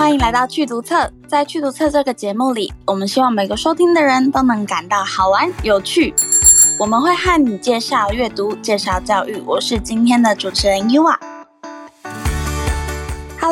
歡迎來到趣讀冊，在趣讀冊這個節目裡，我們希望每個收聽的人都能感到好玩有趣。我們會和你介紹閱讀，介紹教育。我是今天的主持人 Yua。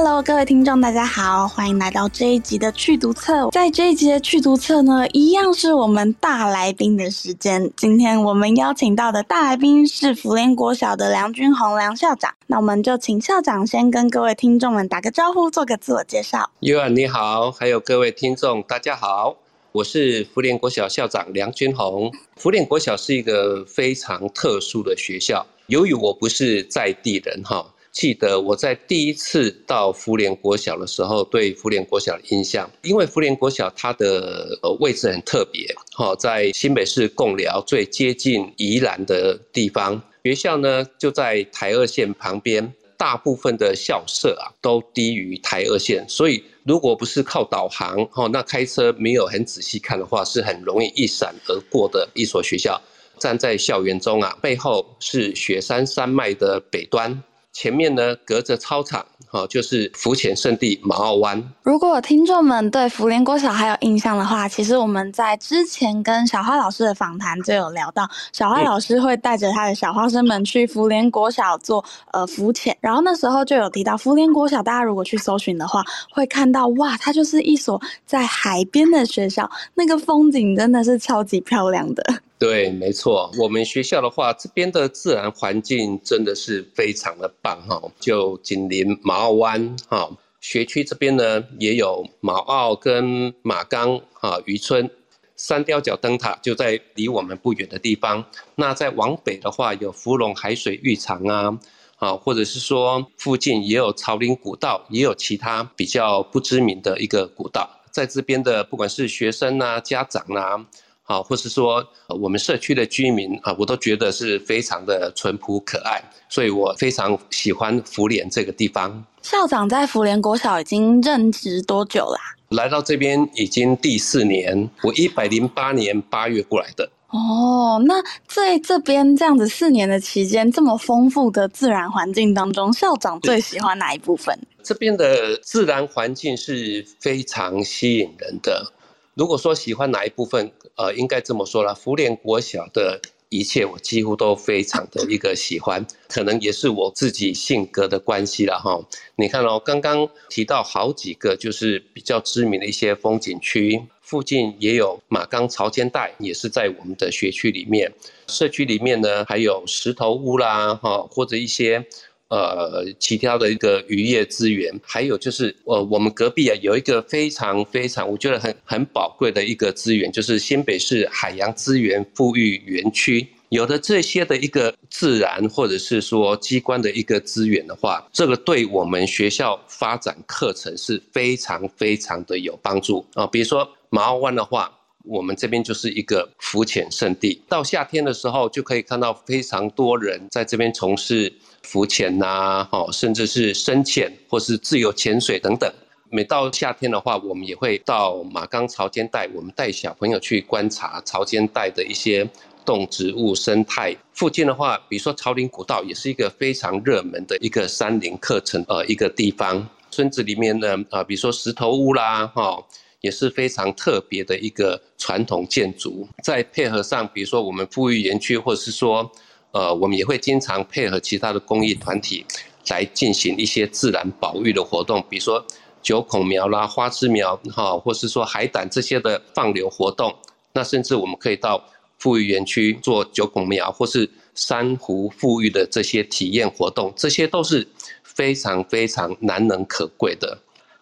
Hello，各位聽眾，大家好，歡迎來到這一集的趣讀冊。在這一集的趣讀冊呢，一樣是我們大來賓的時間。今天我們邀請到的大來賓是福連國小的梁均紘梁校長。那我們就請校長先跟各位聽眾們打個招呼，做個自我介紹。y a n 你好，還有各位聽眾，大家好，我是福連國小校長梁均紘。 福連國小是一個非常特殊的學校，由於我不是在地人，哈。記得我在第一次到福連國小的時候，對福連國小的印象，因為福連國小它的位置很特別，好在新北市貢寮最接近宜蘭的地方，學校呢就在台二線旁邊，大部分的校舍啊都低於台二線，所以如果不是靠導航，哈，那開車沒有很仔細看的話，是很容易一閃而過的一所學校。站在校園中啊，背後是雪山山脈的北端。前面呢，隔着操場，哦，就是浮潛勝地卯澳灣。如果有聽眾們對福連國小還有印象的話，其實我們在之前跟小花老師的訪談就有聊到，小花老師會帶着他的小花生們去福連國小做、嗯、呃浮潛，然後那時候就有提到福連國小，大家如果去搜尋的話，會看到哇，它就是一所在海邊的學校，那個風景真的是超級漂亮的。對，沒錯，我們學校的話，這邊的自然環境真的是非常的棒哈，就緊鄰卯澳灣哈，學區這邊呢也有卯澳跟馬崗啊漁村，三貂角燈塔就在離我們不遠的地方。那再往北的話，有福隆海水浴場啊，啊，或者是說附近也有草嶺古道，也有其他比較不知名的一個古道。在這邊的，不管是學生啊，家長啊，啊，或是說我們社區的居民啊，我都覺得是非常的淳樸可愛，所以我非常喜歡福連這個地方。校長在福連國小已經任職多久啦啊？來到這邊已經第四年，我一百零八年八月過來的。哦，那在這邊這樣子四年的期間，這麼豐富的自然環境當中，校長最喜歡哪一部分？這邊的自然環境是非常吸引人的。如果說喜歡哪一部分，呃，應該這麼說啦，福連國小的一切，我幾乎都非常的一個喜歡，可能也是我自己性格的關係啦哈。你看哦、喔，剛剛提到好幾個就是比較知名的一些風景區，附近也有馬崗潮間帶，也是在我們的學區裡面，社區裡面呢還有石頭屋啦，哈，或者一些。呃，其他的一個漁業資源，還有就是，呃，我們隔壁啊，有一個非常非常，我覺得很很寶貴的一個資源，就是新北市海洋資源富裕園區。有的這些的一個自然或者是說機關的一個資源的話，這個對我們學校發展課程是非常非常的有幫助啊，呃，比如說卯澳灣的話。我們這邊就是一個浮潛聖地，到夏天的時候就可以看到非常多人在這邊從事浮潛吶，甚至是深潛或是自由潛水等等。每到夏天的話，我們也會到馬崗潮間帶，我們帶小朋友去觀察潮間帶的一些動植物生態。附近的話，比如說潮林古道，也是一個非常熱門的一個山林課程，呃，一個地方。村子裡面呢，呃，比如說石頭屋啦，哈。也是非常特別的一個傳統建築。再配合上，比如說我們復育園區，或者是說，呃，我們也會經常配合其他的公益團體，來進行一些自然保育的活動，比如說九孔苗啦、花枝苗哈，或是說海膽這些的放流活動。那甚至我們可以到復育園區做九孔苗或是珊瑚復育的這些體驗活動，這些都是非常非常難能可貴的。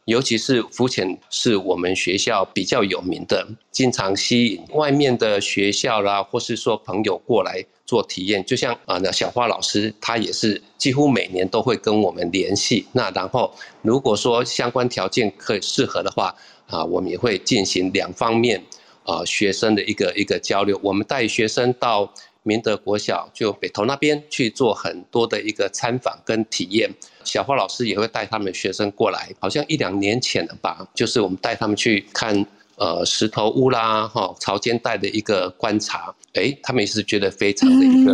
尤其是浮潛是我們學校比較有名的，經常吸引外面的學校啦，或是說朋友過來做體驗。就像啊，那小花老師他也是幾乎每年都會跟我們聯繫。那然後如果說相關條件可以適合的話，啊，我們也會進行兩方面啊學生的一個一個交流。我們帶學生到明德國小就北投那邊去做很多的一個參訪跟體驗。小花老師也會帶他們學生過來，好像一兩年前了吧，就是我們帶他們去看呃石頭屋啦，哈潮間帶的一個觀察，哎、欸，他們也是覺得非常的一個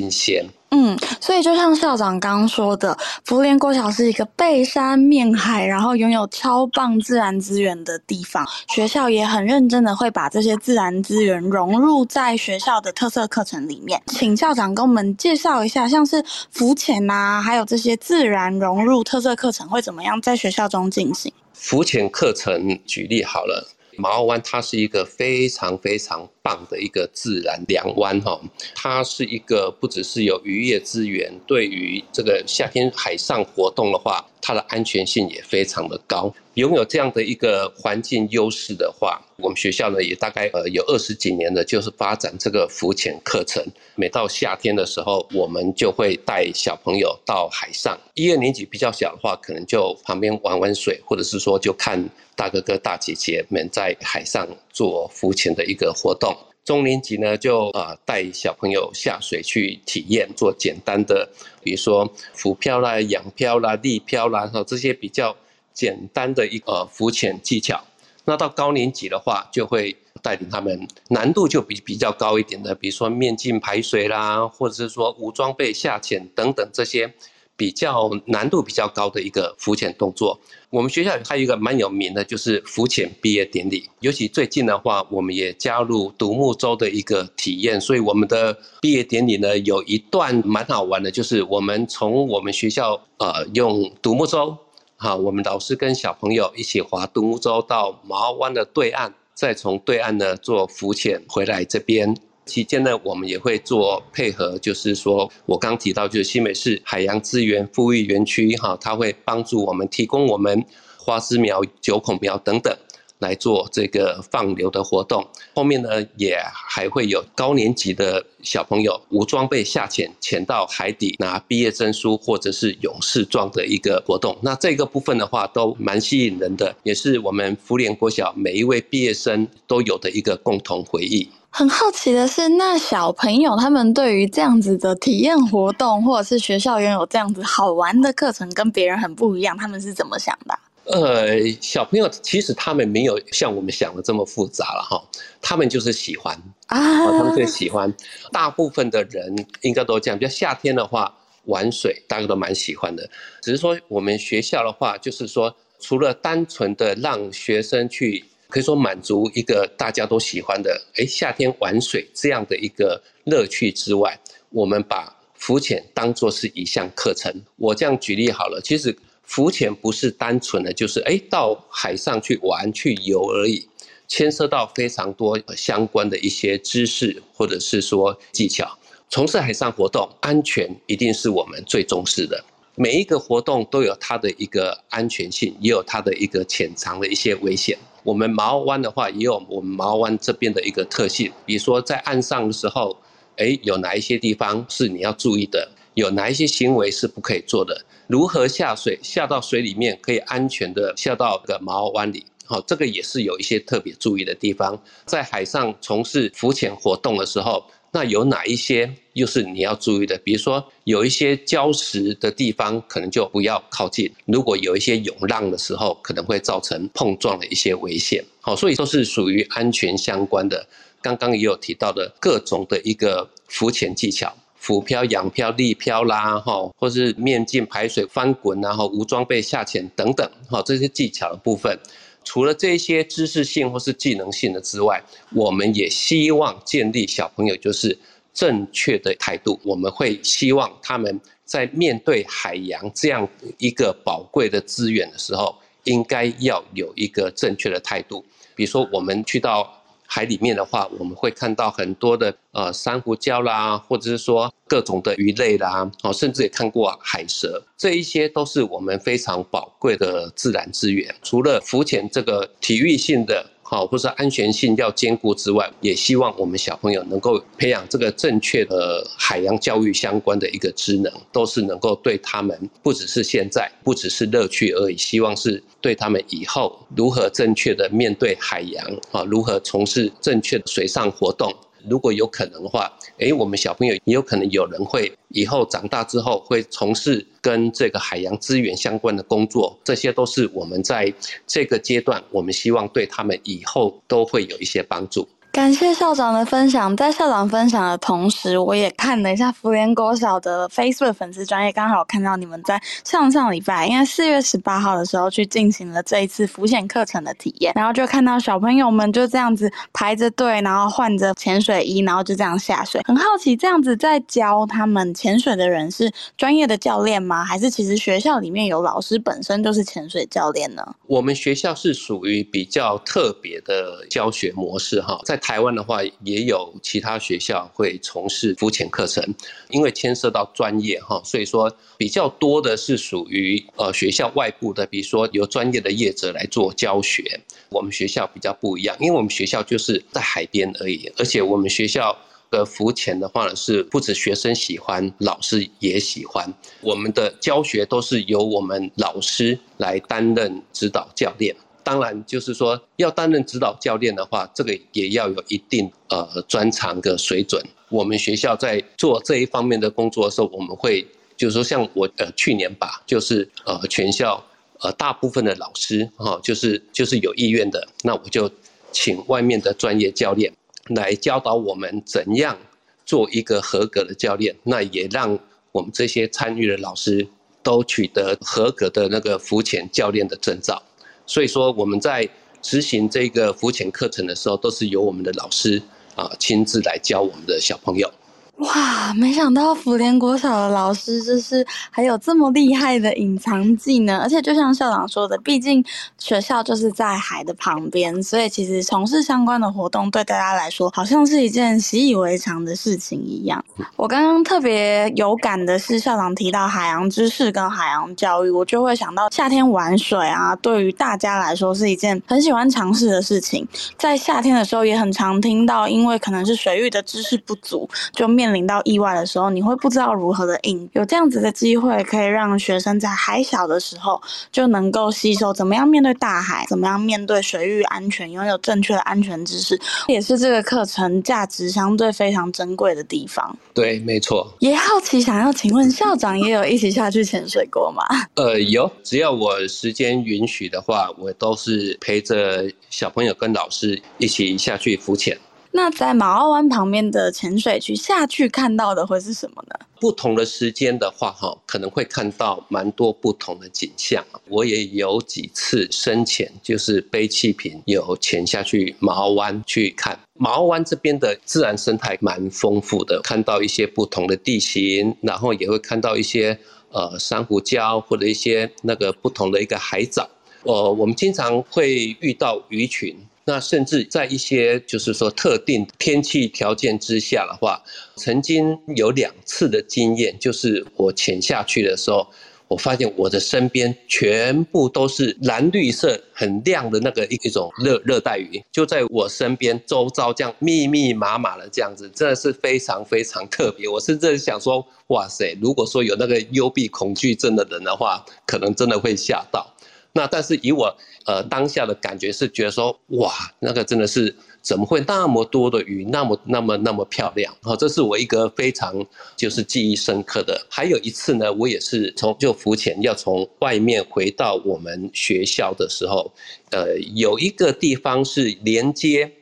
新鮮。嗯嗯嗯。嗯，所以就像校長剛說的，福連國小是一個背山面海，然後擁有超棒自然資源的地方。學校也很認真的會把這些自然資源融入在學校的特色課程裡面。請校長跟我們介紹一下，像是浮潛啊，還有這些自然融入特色課程會怎麼樣在學校中進行？浮潛課程舉例好了，卯澳灣它是一個非常非常。棒的一個自然良灣哈，它是一個不只是有漁業資源，對於這個夏天海上活動的話，它的安全性也非常的高。擁有這樣的一個環境優勢的話，我們學校呢，也大概呃有二十幾年的，就是發展這個浮潛課程。每到夏天的時候，我們就會帶小朋友到海上。一二年級比較小的話，可能就旁邊玩玩水，或者是說就看大哥哥大姐姐們在海上做浮潛的一個活動。中年級呢，就呃帶小朋友下水去體驗，做簡單的，比如說浮漂啦、仰漂啦、立漂啦，這些比較簡單的一個呃浮潛技巧。那到高年級的話，就會帶領他們難度就比比較高一點的，比如說面鏡排水啦，或者是說無裝備下潛等等這些。比較難度比較高的一個浮潛動作。我們學校還有一個蠻有名的，就是浮潛畢業典禮。尤其最近的話，我們也加入獨木舟的一個體驗，所以我們的畢業典禮呢，有一段蠻好玩的，就是我們從我們學校呃用獨木舟，好，我們老師跟小朋友一起划獨木舟到卯澳灣的對岸，再從對岸呢做浮潛回來這邊。期間呢，我們也會做配合，就是說我剛提到就是新美市海洋資源復育園，園區哈，他會幫助我們提供我們花枝苗、九孔苗等等來做這個放流的活動。後面呢，也還會有高年級的小朋友無裝備下潛，潛到海底拿畢業證書或者是勇士裝的一個活動。那這個部分的話，都蠻吸引人的，也是我們福聯國小每一位畢業生都有的一個共同回憶。很好奇的是，那小朋友他們對於這樣子的體驗活動，或者是學校擁有這樣子好玩的課程，跟別人很不一樣，他們是怎麼想的？呃，小朋友其實他們沒有像我們想的這麼複雜了哈，他們就是喜歡啊，他們就喜歡。大部分的人應該都這樣，比如夏天的話玩水，大家都蠻喜歡的。只是說我們學校的話，就是說除了單純的讓學生去，可以說滿足一個大家都喜歡的，哎、欸，夏天玩水這樣的一個樂趣之外，我們把浮潛當作是一項課程。我這樣舉例好了，其實浮潛不是單純的，就是哎、欸，到海上去玩去游而已，牽涉到非常多相關的一些知識或者是說技巧。從事海上活動，安全一定是我們最重視的。每一個活動都有它的一個安全性，也有它的一個潛藏的一些危險。我們卯澳灣的話，也有我們卯澳灣這邊的一個特性，比如說在岸上的時候，哎，有哪一些地方是你要注意的？有哪一些行為是不可以做的？如何下水？下到水裡面可以安全的下到這個卯澳灣裡？好，這個也是有一些特別注意的地方。在海上從事浮潛活動的時候。那有哪一些又是你要注意的？比如說，有一些礁石的地方，可能就不要靠近；如果有一些湧浪的時候，可能會造成碰撞的一些危險。好，所以都是屬於安全相關的。剛剛也有提到的各種的一個浮潛技巧，浮漂、仰漂、立漂啦，哈，或是面鏡排水翻滾，然後無裝備下潛等等，哈，這些技巧的部分。除了這些知識性或是技能性的之外，我們也希望建立小朋友就是正確的態度。我們會希望他們在面對海洋這樣一個寶貴的資源的時候，應該要有一個正確的態度。比如說，我們去到，海裡面的話，我們會看到很多的呃珊瑚礁啦，或者是說各種的魚類啦，哦，甚至也看過啊，海蛇，這一些都是我們非常寶貴的自然資源。除了浮潛這個體育性的。好，或是安全性要兼顧之外，也希望我們小朋友能夠培養這個正確的海洋教育相關的一個職能，都是能夠對他們，不只是現在，不只是樂趣而已，希望是對他們以後如何正確的面對海洋啊，如何從事正確的水上活動，如果有可能的話，誒，我們小朋友也有可能有人會以後長大之後會從事跟這個海洋資源相關的工作，這些都是我們在這個階段，我們希望對他們以後都會有一些幫助。感謝校長的分享。在校長分享的同時，我也看了一下福聯國小的 Facebook 粉絲專頁，剛好看到你們在上上禮拜，應該四月十八號的時候去進行了這一次浮潛課程的體驗，然後就看到小朋友們就這樣子排着隊，然後換着潛水衣，然後就這樣下水。很好奇，這樣子在教他們潛水的人是專業的教練嗎？還是其實學校裡面有老師本身就是潛水教練呢？我們學校是屬於比較特別的教學模式哈，在台灣的話，也有其他學校會從事浮潛課程，因為牽涉到專業哈，所以說比較多的是屬於呃學校外部的，比如說由專業的業者來做教學。我們學校比較不一樣，因為我們學校就是在海邊而已，而且我們學校的浮潛的話呢，是不止學生喜歡，老師也喜歡。我們的教學都是由我們老師來擔任指導教練。當然，就是說要擔任指導教練的話，這個也要有一定呃專長的水準。我們學校在做這一方面的工作的時候，我們會就是說，像我呃去年吧，就是呃全校呃大部分的老師哈，就是就是有意願的，那我就請外面的專業教練來教導我們怎樣做一個合格的教練。那也讓我們這些參與的老師都取得合格的那個浮潛教練的證照。所以說，我們在執行這個浮潛課程的時候，都是由我們的老師啊親自來教我們的小朋友。哇，沒想到福連國小的老師就是還有這麼厲害的隱藏技能，而且就像校長說的，畢竟學校就是在海的旁邊，所以其實從事相關的活動對大家來說，好像是一件習以為常的事情一樣。我剛剛特別有感的是，校長提到海洋知識跟海洋教育，我就會想到夏天玩水啊，對於大家來說是一件很喜歡嘗試的事情。在夏天的時候，也很常聽到，因為可能是水域的知識不足，就面。面臨到意外的時候，你會不知道如何的應。有這樣子的機會，可以讓學生在還小的時候就能夠吸收怎麼樣面對大海，怎麼樣面對水域安全，擁有正確的安全知識，也是這個課程價值相對非常珍貴的地方。對，沒錯。也好奇，想要請問校長，也有一起下去潛水過嗎？呃，有，只要我時間允許的話，我都是陪着小朋友跟老師一起下去浮潛。那在卯澳灣旁邊的潛水區下去看到的會是什麼呢？不同的時間的話，哈，可能會看到蠻多不同的景象。我也有幾次深潛，就是背氣瓶有潛下去卯澳灣去看。卯澳灣這邊的自然生態蠻豐富的，看到一些不同的地形，然後也會看到一些呃珊瑚礁，或者一些那個不同的一個海藻。呃，我們經常會遇到魚群。那甚至在一些就是說特定天氣條件之下的話，曾經有兩次的經驗，就是我潛下去的時候，我發現我的身邊全部都是藍綠色很亮的那個一一種熱熱帶魚，就在我身邊周遭這樣密密麻麻的這樣子，真的是非常非常特別。我甚至想說，哇塞，如果說有那個幽閉恐懼症的人的話，可能真的會嚇到。那但是以我呃當下的感覺是覺得說，哇，那個真的是怎麼會那麼多的魚，那麼那麼那麼漂亮然、哦，這是我一個非常就是記憶深刻的還有一次呢，我也是從就浮潛要從外面回到我們學校的時候，呃有一個地方是連接。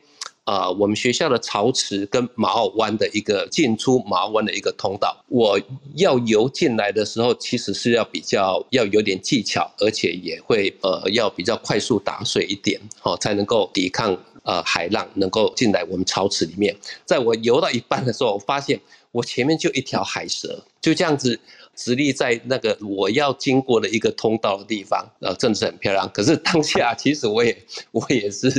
啊、呃，我們學校的潮池跟卯澳灣的一個進出卯澳灣的一個通道，我要游進來的時候，其實是要比較要有點技巧，而且也會呃要比較快速打水一點，好才能夠抵抗呃海浪，能夠進來我們潮池裡面。在我游到一半的時候，我發現我前面就一條海蛇，就這樣子。直立在那個我要經過的一個通道的地方，呃，真的是很漂亮。可是當下，其實我也我也是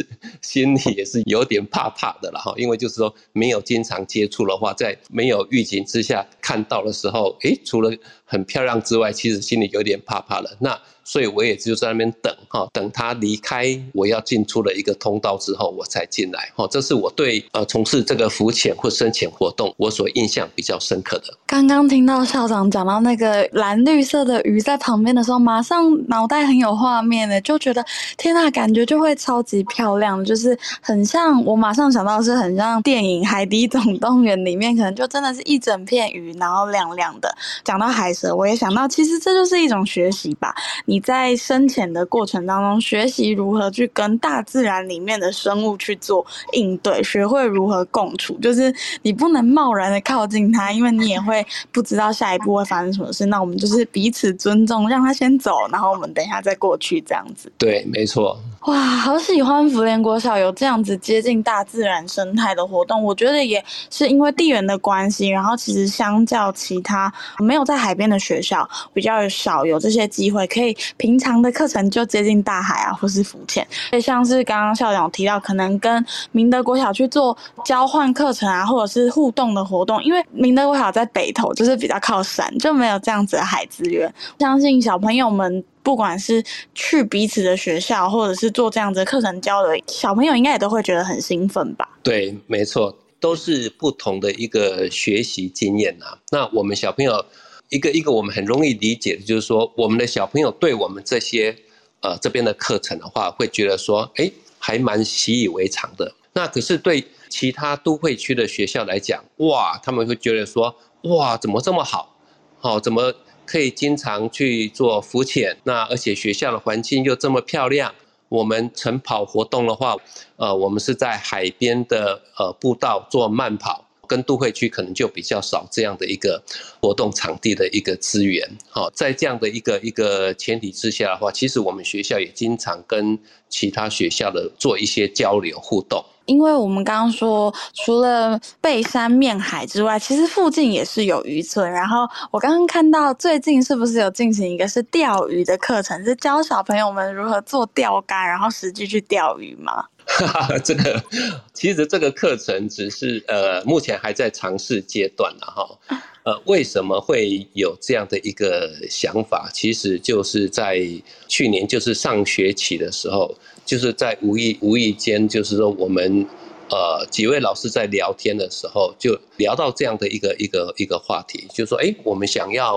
心裡也是有點怕怕的了哈，因為就是說沒有經常接觸的話，在沒有預警之下看到的時候，哎，除了。很漂亮之外，其實心裡有點怕怕的。那所以我也就在那邊等哈、哦，等他離開，我要進出了一個通道之後，我才進來哈、哦。這是我對呃從事這個浮潛或深潛活動，我所印象比較深刻的。剛剛聽到校長講到那個藍綠色的魚在旁邊的時候，馬上腦袋很有畫面的，就覺得天吶，感覺就會超級漂亮，就是很像我馬上想到的是很像電影《海底總動員》裡面，可能就真的是一整片魚，然後亮亮的。講到海水。我也想到，其實這就是一種學習吧。你在深潛的過程當中，學習如何去跟大自然裡面的生物去做應對，學會如何共處。就是你不能貿然的靠近它，因為你也會不知道下一步會發生什麼事。那我們就是彼此尊重，讓它先走，然後我們等一下再過去，這樣子。對，沒錯。哇，好喜歡福連國小有這樣子接近大自然生態的活動。我覺得也是因為地緣的關係，然後其實相較其他沒有在海邊的學校，比較少有這些機會。可以平常的課程就接近大海啊，或是浮潛。所以像是剛剛校長提到，可能跟明德國小去做交換課程啊，或者是互動的活動。因為明德國小在北投，就是比較靠山，就沒有這樣子的海資源。相信小朋友們。不管是去彼此的學校，或者是做這樣子的課程交流，小朋友應該也都會覺得很興奮吧？對，沒錯，都是不同的一個學習經驗吶、啊。那我們小朋友一個一個，我們很容易理解的就是說，我們的小朋友對我們這些呃這邊的課程的話，會覺得說，哎、欸，還蠻習以為常的。那可是對其他都會區的學校來講，哇，他們會覺得說，哇，怎麼這麼好？好、哦，怎麼？可以經常去做浮潛，那而且學校的環境又這麼漂亮。我們晨跑活動的話，呃，我們是在海邊的呃步道做慢跑，跟都會區可能就比較少這樣的一個活動場地的一個資源。好、哦，在這樣的一個一個前提之下的話，其實我們學校也經常跟其他學校的做一些交流互動。因為我們剛剛說，除了背山面海之外，其實附近也是有漁村。然後我剛剛看到最近是不是有進行一個是釣魚的課程，是教小朋友們如何做釣竿，然後實際去釣魚嗎？哈哈，這個其實這個課程只是呃，目前還在嘗試階段啦，哈。呃，為什麼會有這樣的一個想法？其實就是在去年，就是上學期的時候。就是在無意無意間，就是說我們，呃，幾位老師在聊天的時候，就聊到這樣的一個一個一個話題，就是說，哎、欸，我們想要，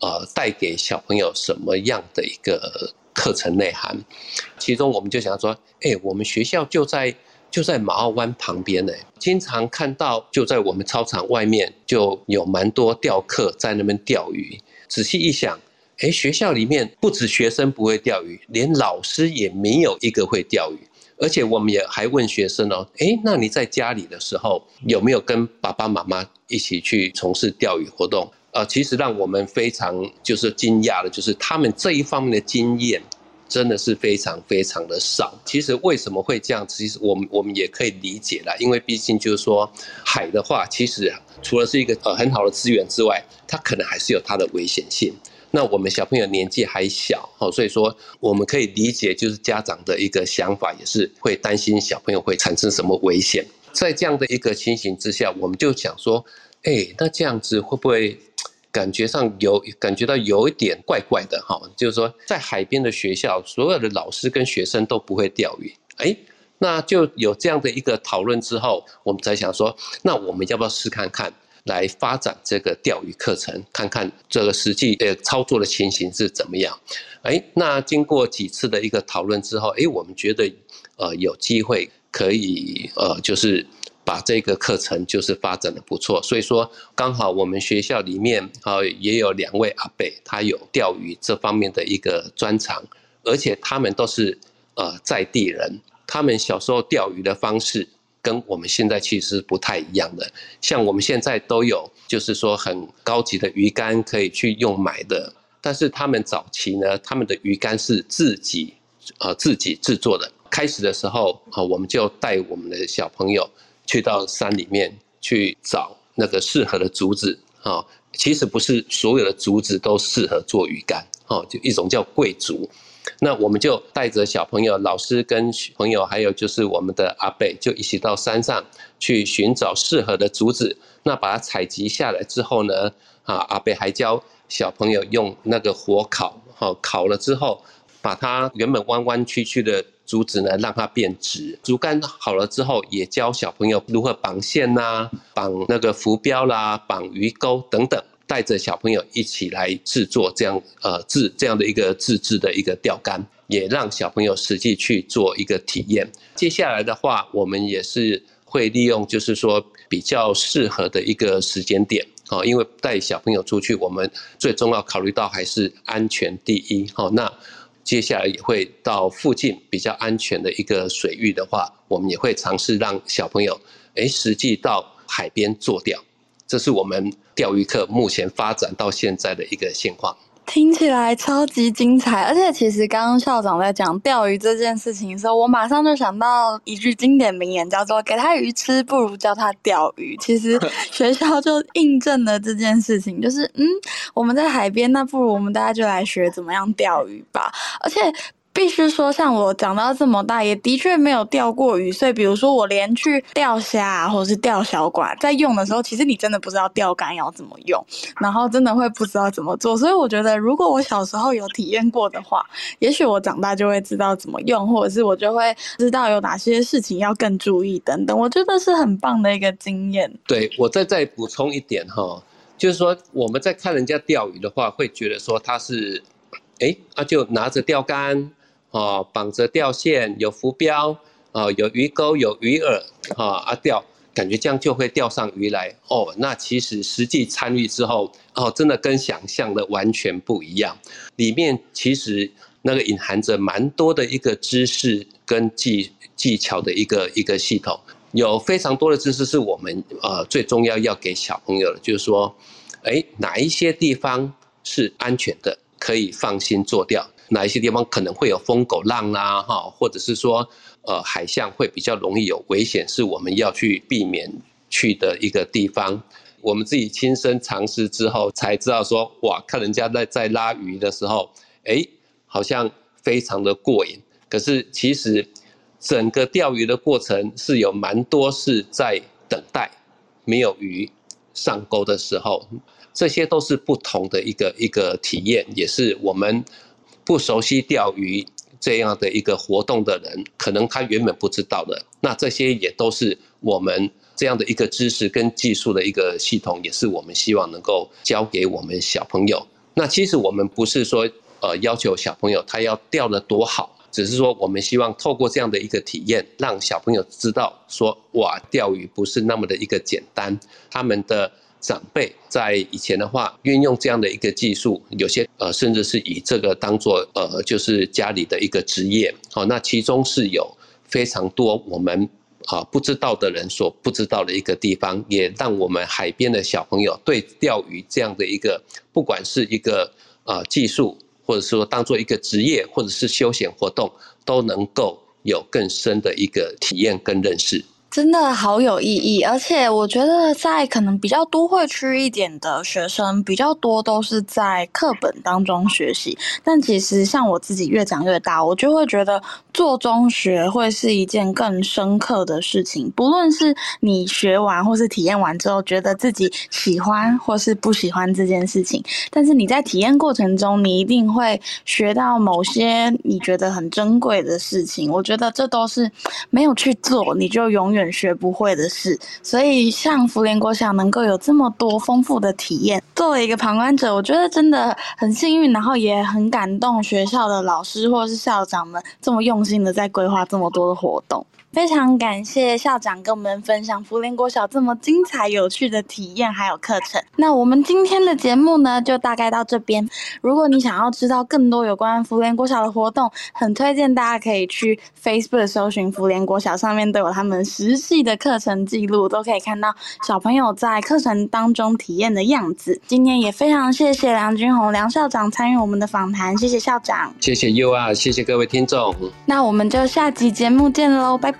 呃，帶給小朋友什麼樣的一個課程內涵？其中我們就想說，哎、欸，我們學校就在就在卯澳灣旁邊呢，經常看到就在我們操場外面就有蠻多釣客在那邊釣魚。仔細一想。哎，欸，學校裡面不只學生不會釣魚，連老師也沒有一個會釣魚。而且我們也還問學生哦，哎，那你在家裡的時候有沒有跟爸爸媽媽一起去從事釣魚活動？呃，其實讓我們非常就是驚訝的，就是他們這一方面的經驗真的是非常非常的少。其實為什麼會這樣？其實我們我們也可以理解啦，因為畢竟就是說海的話，其實除了是一個呃很好的資源之外，它可能還是有它的危險性。那我們小朋友年紀還小哦，所以說我們可以理解，就是家長的一個想法也是會擔心小朋友會產生什麼危險。在這樣的一個情形之下，我們就想說，哎，那這樣子會不會感覺上有感覺到有一點怪怪的哈？就是說，在海邊的學校，所有的老師跟學生都不會釣魚。哎，那就有這樣的一個討論之後，我們才想說，那我們要不要試看看？來發展這個釣魚課程，看看這個實際的操作的情形是怎麼樣。哎，那經過幾次的一個討論之後，哎，我們覺得呃有機會可以呃就是把這個課程就是發展得不錯。所以說，剛好我們學校裡面呃也有兩位阿伯，他有釣魚這方面的一個專長，而且他們都是呃在地人，他們小時候釣魚的方式，跟我們現在其實不太一樣的，像我們現在都有，就是說很高級的魚竿，可以去用買的，但是他們早期呢，他們的魚竿是自己，呃，自己製作的。開始的時候，我們就帶我們的小朋友去到山裡面去找那個適合的竹子，啊，其實不是所有的竹子都適合做魚竿，啊，就一種叫桂竹。那我們就帶着小朋友、老師跟朋友，還有就是我們的阿貝，就一起到山上去尋找適合的竹子。那把它採集下來之後呢，啊，阿貝還教小朋友用那個火烤，好，烤了之後，把它原本彎彎曲曲的竹子呢，讓它變直。竹竿好了之後，也教小朋友如何綁線吶、啊，綁那個浮標啦，綁魚鈎等等。帶着小朋友一起來製作這樣呃製這樣的一個自製的一個釣竿，也讓小朋友實際去做一個體驗。接下來的話，我們也是會利用就是說比較適合的一個時間點哦，因為帶小朋友出去，我們最重要考慮到還是安全第一哦。那接下來也會到附近比較安全的一個水域的話，我們也會嘗試讓小朋友哎、欸、實際到海邊做釣，這是我們。釣魚課目前發展到現在的一個現況，聽起來超級精彩。而且，其實剛剛校長在講釣魚這件事情的時候，我馬上就想到一句經典名言，叫做“給他魚吃，不如教他釣魚”。其實學校就印證了這件事情，就是嗯，我們在海邊，那不如我們大家就來學怎麼樣釣魚吧。而且。必須說，像我長到這麼大，也的確沒有釣過魚，所以比如說我連去釣蝦、啊、或者是釣小管，在用的時候，其實你真的不知道釣竿要怎麼用，然後真的會不知道怎麼做。所以我覺得，如果我小時候有體驗過的話，也許我長大就會知道怎麼用，或者是我就會知道有哪些事情要更注意等等。我覺得是很棒的一個經驗。對，我再再補充一點哈，就是說我們在看人家釣魚的話，會覺得說他是，哎、欸，啊，就拿着釣竿。哦，綁着釣線，有浮標，哦，有魚鈎，有魚餌，哈、哦，啊釣，感覺這樣就會釣上魚來。哦，那其實實際參與之後，哦，真的跟想象的完全不一樣。裡面其實那個隱含着蠻多的一個知識跟技技巧的一個一個系統，有非常多的知識是我們呃最重要要給小朋友的，就是說，哎、欸，哪一些地方是安全的，可以放心做釣。哪一些地方可能會有瘋狗浪啦，哈，或者是說，呃，海象會比較容易有危險，是我們要去避免去的一個地方。我們自己親身嘗試之後才知道說，說哇，看人家在在拉魚的時候，哎、欸，好像非常的過癮。可是其實，整個釣魚的過程是有蠻多事在等待，沒有魚上鈎的時候，這些都是不同的一個一個體驗，也是我們。不熟悉釣魚這樣的一個活動的人，可能他原本不知道的。那這些也都是我們這樣的一個知識跟技術的一個系統，也是我們希望能夠教給我們小朋友。那其實我們不是說，呃，要求小朋友他要釣得多好，只是說我們希望透過這樣的一個體驗，讓小朋友知道說，哇，釣魚不是那麼的一個簡單。他們的。長輩在以前的話，運用這樣的一個技術，有些呃，甚至是以這個當做呃，就是家裡的一個職業。好，那其中是有非常多我們啊不知道的人所不知道的一個地方，也讓我們海邊的小朋友對釣魚這樣的一個，不管是一個呃技術，或者說當做一個職業，或者是休閒活動，都能夠有更深的一個體驗跟認識。真的好有意義，而且我覺得在可能比較都會區一點的學生比較多，都是在課本當中學習。但其實像我自己越長越大，我就會覺得做中學會是一件更深刻的事情。不論是你學完或是體驗完之後，覺得自己喜歡或是不喜歡這件事情，但是你在體驗過程中，你一定會學到某些你覺得很珍貴的事情。我覺得這都是沒有去做，你就永遠。學不會的事，所以像福聯國小能夠有這麼多豐富的體驗，作為一個旁觀者，我覺得真的很幸運，然後也很感動學校的老師或者是校長們這麼用心的在規劃這麼多的活動。非常感謝校長跟我們分享福連國小這麼精彩有趣的體驗還有課程。那我們今天的節目呢，就大概到這邊。如果你想要知道更多有關福連國小的活動，很推薦大家可以去 Facebook 搜尋福連國小，上面都有他們實際的課程記錄，都可以看到小朋友在課程當中體驗的樣子。今天也非常謝謝梁均紘梁校長參與我們的訪談，謝謝校長，謝謝 u r、啊、謝謝各位聽眾。那我們就下集節目見嘍，拜拜。